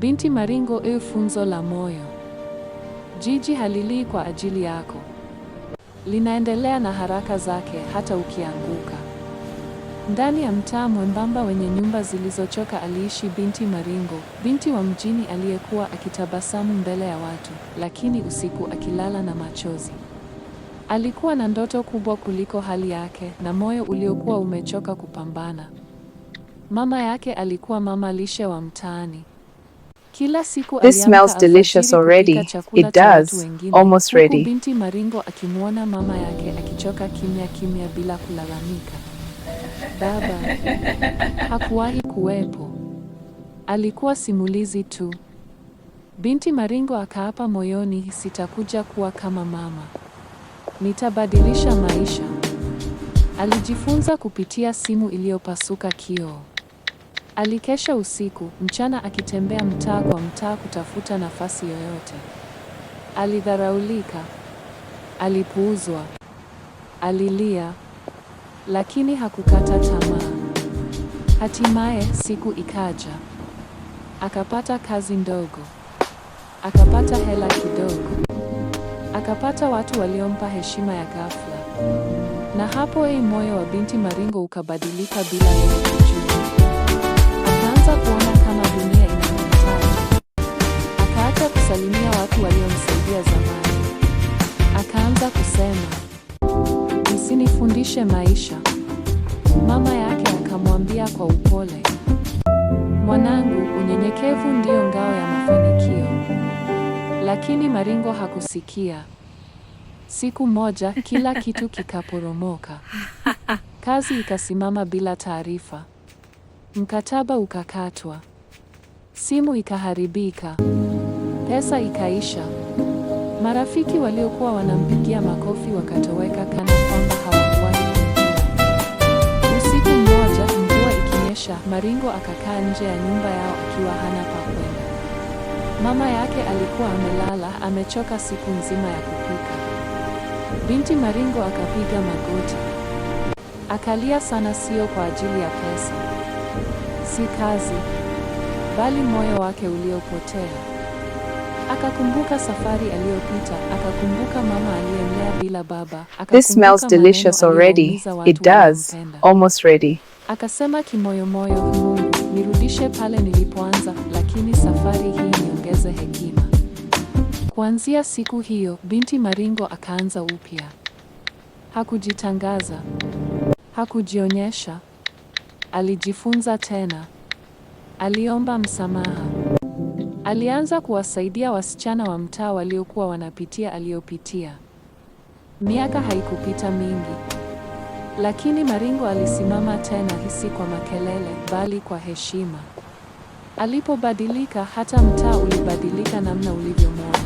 Binti Maringo, eu, funzo la moyo. Jiji halilii kwa ajili yako, linaendelea na haraka zake, hata ukianguka. Ndani ya mtaa mwembamba wenye nyumba zilizochoka aliishi binti Maringo, binti wa mjini aliyekuwa akitabasamu mbele ya watu, lakini usiku akilala na machozi. Alikuwa na ndoto kubwa kuliko hali yake na moyo uliokuwa umechoka kupambana. Mama yake alikuwa mama lishe wa mtaani. Kila siku This smells delicious already. It does. Almost ready. Binti Maringo akimwona mama yake akichoka kimya kimya bila kulalamika. Baba hakuwahi kuwepo. Alikuwa simulizi tu. Binti Maringo akaapa moyoni, sitakuja kuwa kama mama. Nitabadilisha maisha. Alijifunza kupitia simu iliyopasuka kioo. Alikesha usiku, mchana akitembea mtaa kwa mtaa kutafuta nafasi yoyote. Alidharaulika, alipuuzwa, alilia, lakini hakukata tamaa. Hatimaye siku ikaja, akapata kazi ndogo, akapata hela kidogo, akapata watu waliompa heshima ya ghafla, na hapo ei, moyo wa binti Maringo ukabadilika bila yeye kujua akaanza kuona kama dunia ina mahitaji, akaacha kusalimia watu waliomsaidia zamani, akaanza kusema msinifundishe maisha. Mama yake akamwambia kwa upole, mwanangu, unyenyekevu ndiyo ngao ya mafanikio. Lakini Maringo hakusikia. Siku moja kila kitu kikaporomoka, kazi ikasimama bila taarifa. Mkataba ukakatwa, simu ikaharibika, pesa ikaisha. Marafiki waliokuwa wanampigia makofi wakatoweka kana kwamba hawakuwahi Usiku mmoja, mvua ikinyesha, Maringo akakaa nje ya nyumba yao akiwa hana pa kwenda. Mama yake alikuwa amelala amechoka siku nzima ya kupika. Binti Maringo akapiga magoti, akalia sana, sio kwa ajili ya pesa si kazi, bali moyo wake uliopotea. Akakumbuka safari aliyopita, akakumbuka mama aliyemlea bila baba. This smells delicious already. It does. Almost ready. Akasema kimoyomoyo, Mungu, nirudishe pale nilipoanza, lakini safari hii niongeze hekima. Kuanzia siku hiyo, binti Maringo akaanza upya. Hakujitangaza, hakujionyesha Alijifunza tena. Aliomba msamaha. Alianza kuwasaidia wasichana wa mtaa waliokuwa wanapitia aliyopitia. Miaka haikupita mingi, lakini Maringo alisimama tena, hisi kwa makelele, bali kwa heshima. Alipobadilika, hata mtaa ulibadilika namna ulivyomwona.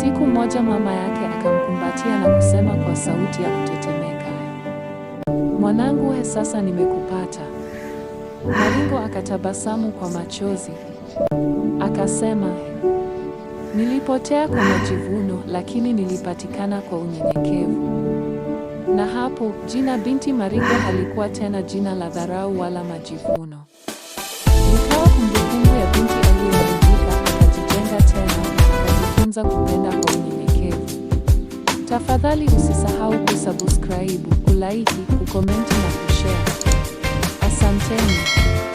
Siku moja mama yake akamkumbatia na kusema kwa sauti ya kutetemeka mwanangu, sasa nimekupata. Maringo akatabasamu kwa machozi akasema, nilipotea kwa majivuno, lakini nilipatikana kwa unyenyekevu. Na hapo jina Binti Maringo halikuwa tena jina la dharau wala majivuno. Tafadhali usisahau kusubscribe, kulike, kukomenti na kushare. Asanteni.